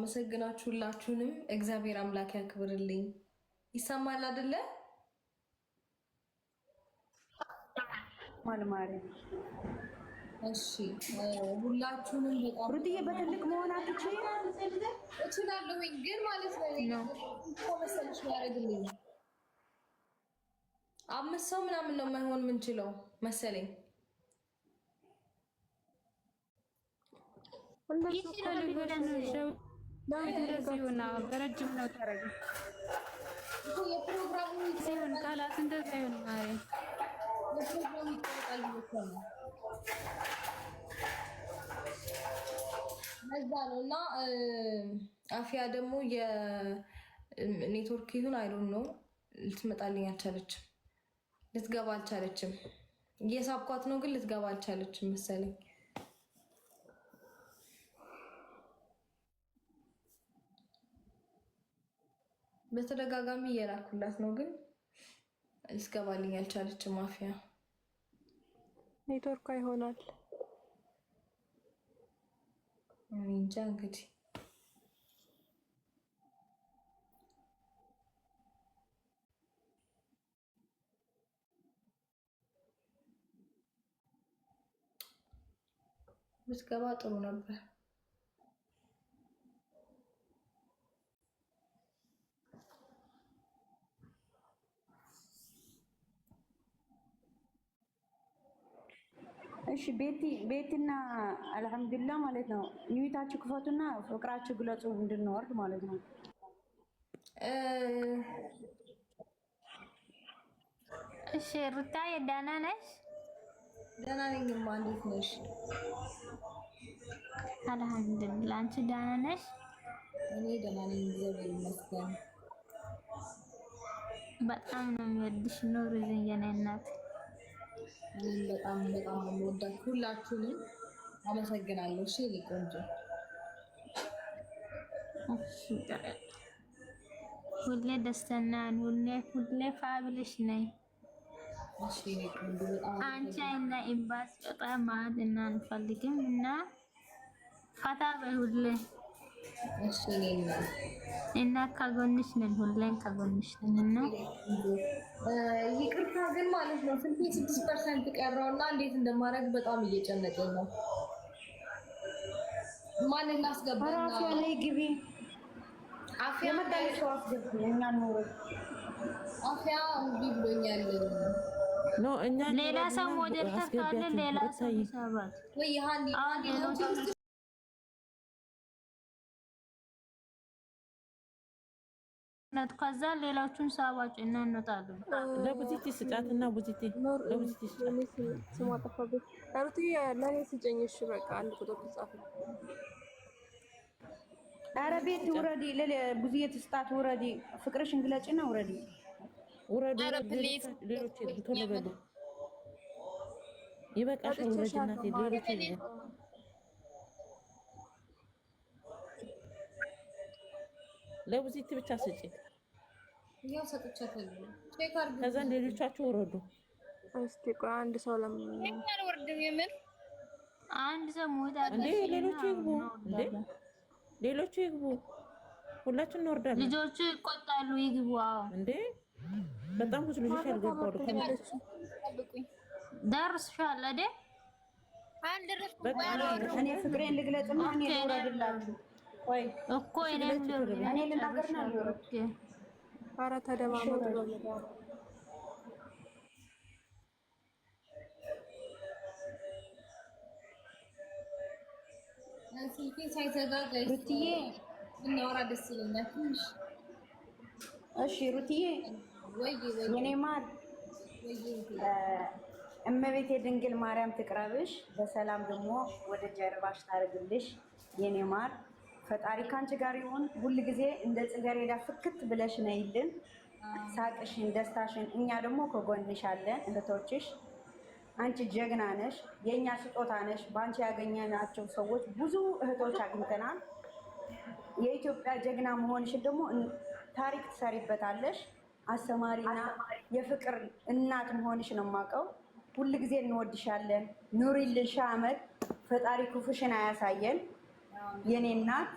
አመሰግናችሁ ሁላችሁንም እግዚአብሔር አምላክ ያክብርልኝ። ይሰማል አይደለ? ማልማሪ እሺ፣ ሁላችሁንም በጣም ሩትዬ፣ በትልቅ መሆን እችላለሁኝ፣ ግን ማለት ነው እኮ መሰለሽ ያደርግልኝ አምስት ሰው ምናምን ነው መሆን የምንችለው መሰለኝ። እንደሱ እኮ ልጆች ነው በረጅም ነው ታረጊ ሲሆን ቃላት እንደዛ ይሆን ማሪ ለዛ ነው እና አፊያ ደግሞ የኔትወርክ ይሁን አይዶን ነው ልትመጣልኝ አልቻለችም። ልትገባ አልቻለችም። እየሳብኳት ነው ግን ልትገባ አልቻለችም መሰለኝ። በተደጋጋሚ እየላኩላት ነው፣ ግን ልትገባልኝ አልቻለችም። ማፊያ ኔትወርኳ ይሆናል። እንጃ እንግዲህ ብትገባ ጥሩ ነበር። እሺ ቤቲ ቤቲና አልሐምዱሊላህ ማለት ነው። ኒዊታችሁ ክፈቱና ፍቅራችሁ ግለጹ እንድንወርድ ማለት ነው። እሺ ሩታዬ ደህና ነሽ? ደህና ነኝ። ማ እንዴት ነሽ? አልሐምዱሊላህ። አንቺ ደህና ነሽ? እኔ ደህና ነኝ፣ እግዚአብሔር ይመስገን። በጣም ነው የሚወድሽ ኑር የኔ እናት በጣም በጣም የምወዳችሁ ሁላችሁንም አመሰግናለሁ። እሺ ቆንጆ ሁሌ ደስተኛ ሁሌ ሁሌ ፋብልሽ ነይ። አንቺ እና ኢምባስ በጣም ማለት እና አንፈልግም እና ፈታ በይ ሁሌ እሺ እና ከጎንሽ ነን፣ ሁሌም ከጎንሽ ነን። እና ይቅርታ ግን ማለት ነው ስንት ስድስት ፐርሰንት ቀረው እና እንዴት እንደማደርግ በጣም እየጨነቀ ነው። ማን እናስገባና ራሱ ላይ ግቢ አፍያ መጣልሽ አስገብ እኛ ኖር አፍያ እንዲ ብሎኛል። ኖ እኛ ሌላ ሰው ሞዴል ተካለ ሌላ ሰው ይሳባል ወይ ይሃን ነት ከዛ ሌላዎቹን ሰባጭ እና እንወጣለን። ለቡቲቲ ስጫት እና ቡቲቲ ለቡቲቲ ስሟ ጠፋብኝ። ሩቲ ለኔ ስጨኝ። እሺ በቃ አንድ ቁጥር ጻፍ። ኧረ ቤት ውረዲ፣ ለቡቲቲ ስጣት ውረዲ። ፍቅርሽን ውረዲ፣ ውረዲ። ሌሎች ውረዲ እናቴ ሌሎች ለውዚት ብቻ ስጪ። ያው ሰጥቻታለሁ። ከዛ ሌሎቻችሁ ወረዱ። እስቲ ቆይ አንድ ሰው ለምን አንድ ሰው ሌሎቹ ይግቡ ሌሎቹ ይግቡ። ሁላችን እንወርዳለን። ልጆቹ ይቆጣሉ። ይግቡ። አዎ እንዴ! በጣም ብዙ ልጆች ያልገባሉ። አይደል? አንድ ፍቅሬን እኔ እኮ እኔ ኧረ ተደማመጡ። ሩትዬ እናወራ ደስ ይለኛል። እሺ፣ ሩትዬ የኔ ማር እመቤቴ ድንግል ማርያም ትቅረብሽ፣ በሰላም ደግሞ ወደ ጀርባሽ ታርግልሽ የኔ ማር ፈጣሪ ከአንቺ ጋር ይሁን። ሁል ጊዜ እንደ ጽጌረዳ ፍክት ብለሽ ነይልን፣ ሳቅሽን፣ ደስታሽን። እኛ ደግሞ ከጎንሽ አለን እህቶችሽ አንቺ ጀግና ነሽ፣ የእኛ ስጦታ ነሽ። በአንቺ ያገኘናቸው ሰዎች ብዙ እህቶች አግኝተናል። የኢትዮጵያ ጀግና መሆንሽን ደግሞ ታሪክ ትሰሪበታለሽ። አስተማሪና የፍቅር እናት መሆንሽ ነው የማውቀው። ሁል ጊዜ እንወድሻለን። ኑሪልን ሺህ ዓመት። ፈጣሪ ክፉሽን አያሳየን። የኔ እናት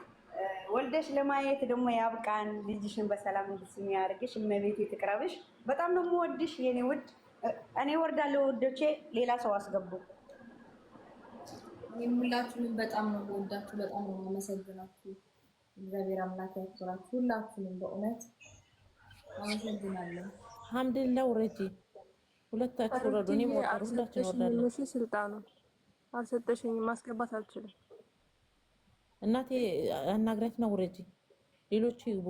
ወልደሽ ለማየት ደግሞ ያብቃን። ልጅሽን በሰላም እንድትስሚ ያድርግሽ። እመቤቴ ትቅረብሽ። በጣም ነው የምወድሽ የኔ ውድ። እኔ ወርዳለሁ ውዶቼ፣ ሌላ ሰው አስገቡ። ሁላችሁንም በጣም ነው የምወዳችሁ፣ በጣም ነው የማመሰግናችሁ። እግዚአብሔር አምላክ ያክብራችሁ ሁላችሁንም በእውነት አመሰግናለሁ። አልሐምዱሊላህ ውረጂ፣ ሁለታችሁ ረዱ። እኔም ወጣሁ፣ ሁላችን ወርዳለሁ። ስልጣኑ አልሰጠሽኝም፣ ማስገባት አልችልም እናቴ አናግራች ነው ውረጂ፣ ሌሎቹ ይግቡ።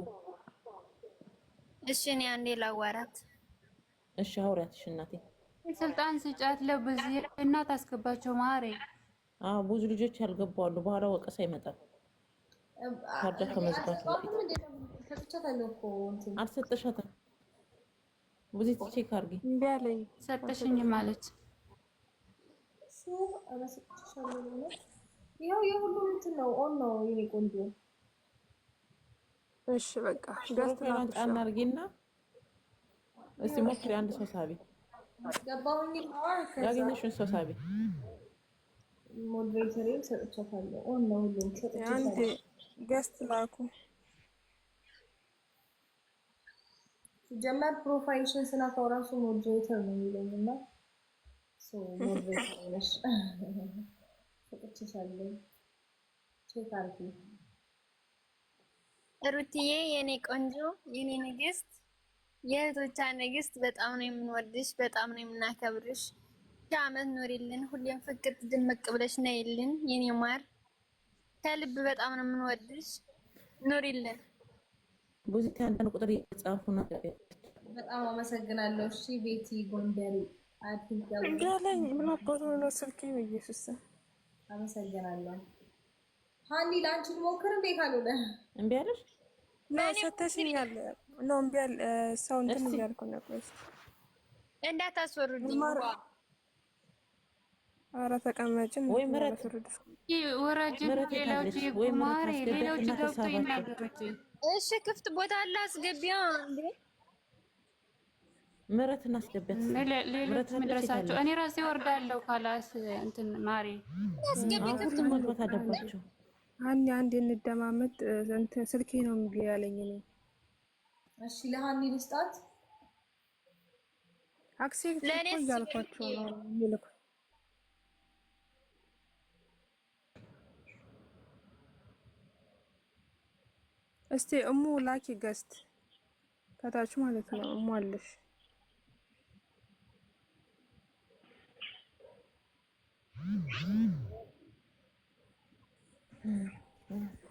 እሺ እኔ አንዴ ላዋራት። እሺ አውሪያት። እሺ እናቴ ስልጣን ስጫት ለብዙ እናት አስገባቸው። ማሬ አዎ፣ ብዙ ልጆች ያልገባሉ። በኋላ ወቀሳ ይመጣል። ካርዳ ከመዝጋት አልሰጠሻትም። ብዙ ቼክ አርጊ። እምቢ አለኝ። ሰጠሽኝ ማለት ያው የሁሉም እንትን ነው። ኦን ነው የኔ ቆንጆ። እሺ በቃ ጋስተናል አናርጊና እስቲ ሞክሪ። አንድ ሰው ሳቢ ገባሁኝ። ያገኘሽውን ሰው ሳቢ ሞዴሬተር ሰጥቻታለሁ። ኦን ነው ሁሉም ሰጥቻታለሁ። አንዴ ጋስት ላኩ። ጀመር ፕሮፋይልሽን ስላከው ራሱ ሞዴሬተር ነው የሚለኝ እና ሞዴሬተር ነሽ ሰጥቼሻለሁ። ቼክ አርጉ። ሩትዬ የኔ ቆንጆ የኔ ንግስት፣ የእህቶቿ ንግስት፣ በጣም ነው የምንወድሽ፣ በጣም ነው የምናከብርሽ። አመት ኖሪልን፣ ሁሌም ፍቅር ድምቅ ብለሽ ነይልን የኔ ማር። ከልብ በጣም ነው የምንወድሽ፣ ኖሪልን። ብዙ አንዳንድ ቁጥር እየጻፉ በጣም አመሰግናለሁ። እሺ ቤቲ ጎንደሪ አትንቀበል እንግዲህ ምን አባቱ ነው ስልኬ በኢየሱስ አመሰግናለሁ። ሀኒ ለአንቺ ልሞክር እንዴ? ካልሆነ እምቢ አይደል? ሰተሽኛል ነው እምቢ አለ ሰው እንትን እያልኩ ነበር። እንዳታስወርዱኝ። ኧረ ተቀመጭም ወይ ምረት ወረጅ ሌሎች ገብቶ ይናገሩት። እሺ ክፍት ቦታ አለ አስገቢያ እንዴ ምረት እናስገበት። ሌሎች ምድረሳቸው እኔ ራሴ ወርዳለሁ። ካላስ እንትን ማሪ ሁሉም አደባቸው። አለባቸው። አንድ አንድ እንደማመጥ ስልኬ ነው እምቢ ያለኝ ነው። እሺ ለሀኒ ልስጣት። አክሴ አክሴፕት እያልኳቸው ነው ሚልኩ እስቲ እሙ ላኪ ገስት ከታች ማለት ነው እሙ አለሽ Hum, hum.